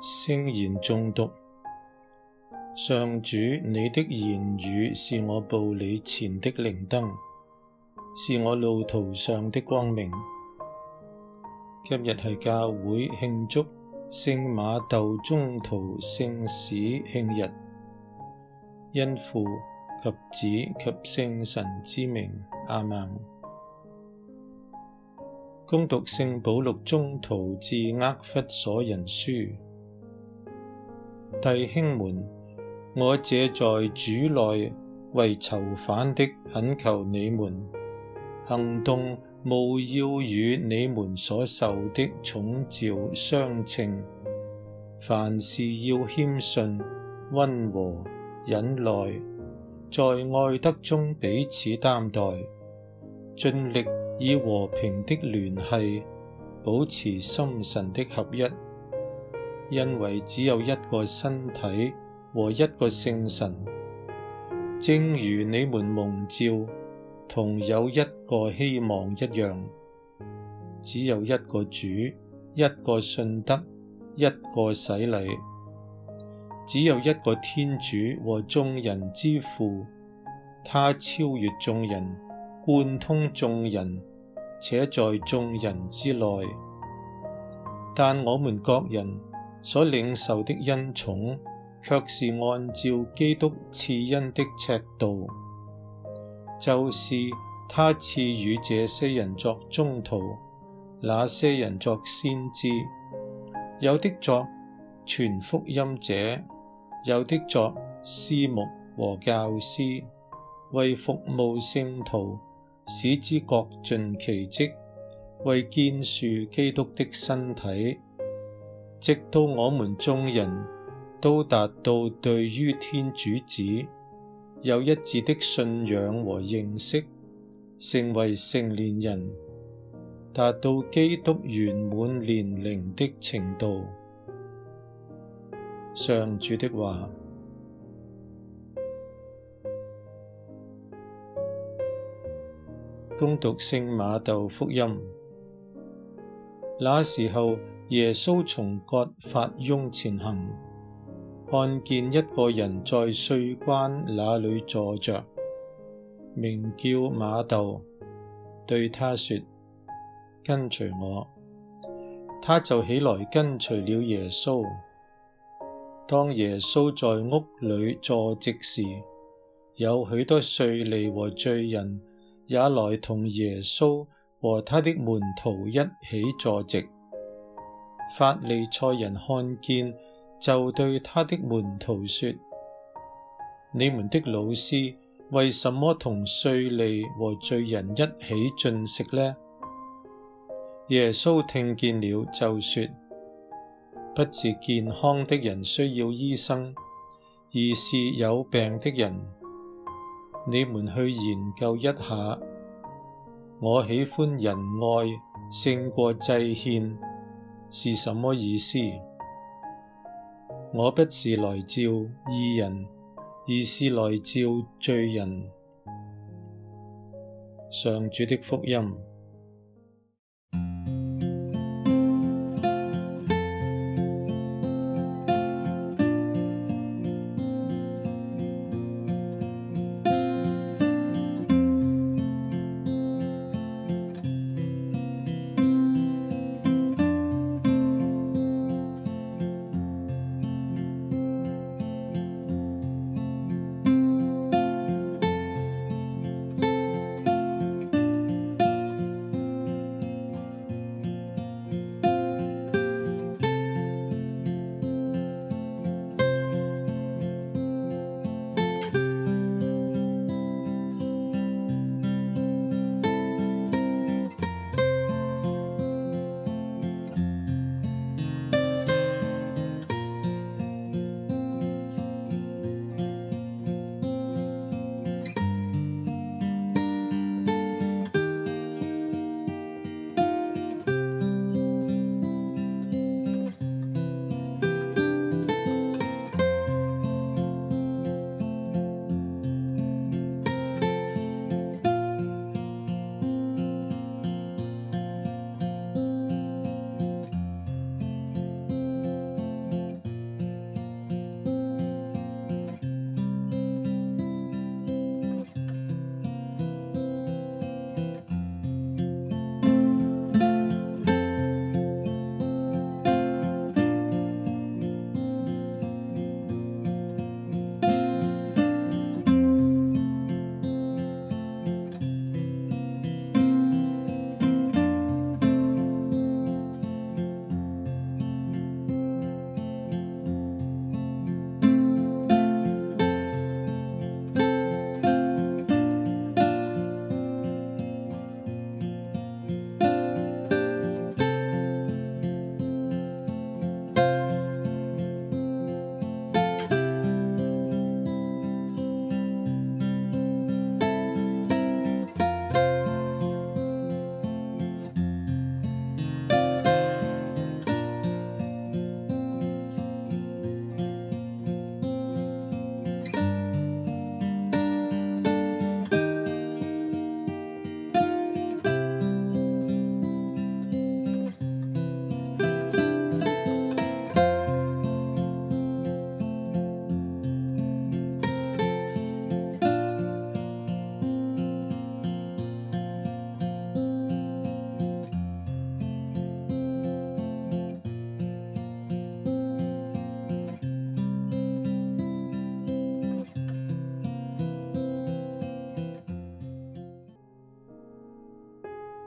聖言誦讀，上主，你的言語是我步履前的靈燈，是我路途上的光明。今日係教會慶祝聖瑪竇宗徒聖史慶日，因父及子及聖神之名，阿門。恭讀聖保祿宗徒致厄弗所人書。弟兄們，我這在主內為囚犯的懇求你們：行動務要與你們所受的寵召相稱，凡事要謙遜、温和、忍耐，在愛德中彼此擔待，盡力以和平的聯繫保持心神的合一。因為只有一個身體和一個聖神，正如你們蒙召，同有一個希望一樣，只有一個主、一個信德、一個洗禮。只有一個天主和眾人之父。他超越眾人，貫通眾人，且在眾人之內。但我們各人，所領受的恩寵，卻是按照基督賜恩的尺度，就是他賜予這些人作宗徒，那些人作先知，有的作傳福音者，有的作司牧和教師，為服務聖徒，使之各盡其職，為建樹基督的身體。直到我們眾人都達到對於天主子，有一致的信仰和認識，成為成年人，達到基督圓滿年齡的程度。上主的話。恭讀聖瑪竇福音，那時候。耶穌從葛法翁前行，看見一個人在稅關那裏坐着，名叫瑪竇，對他說：跟隨我。他就起來跟隨了耶穌。當耶穌在屋裏坐席時，有許多稅吏和罪人也來同耶穌和他的門徒一起坐席。法利塞人看見，就對他的門徒說：你們的老師為什麼同稅吏和罪人一起進食呢？耶穌聽見了，就說：不是健康的人需要醫生，而是有病的人。你們去研究一下。我喜歡仁愛勝過祭獻。是什麼意思？我不是來召義人，而是來召罪人。上主的福音。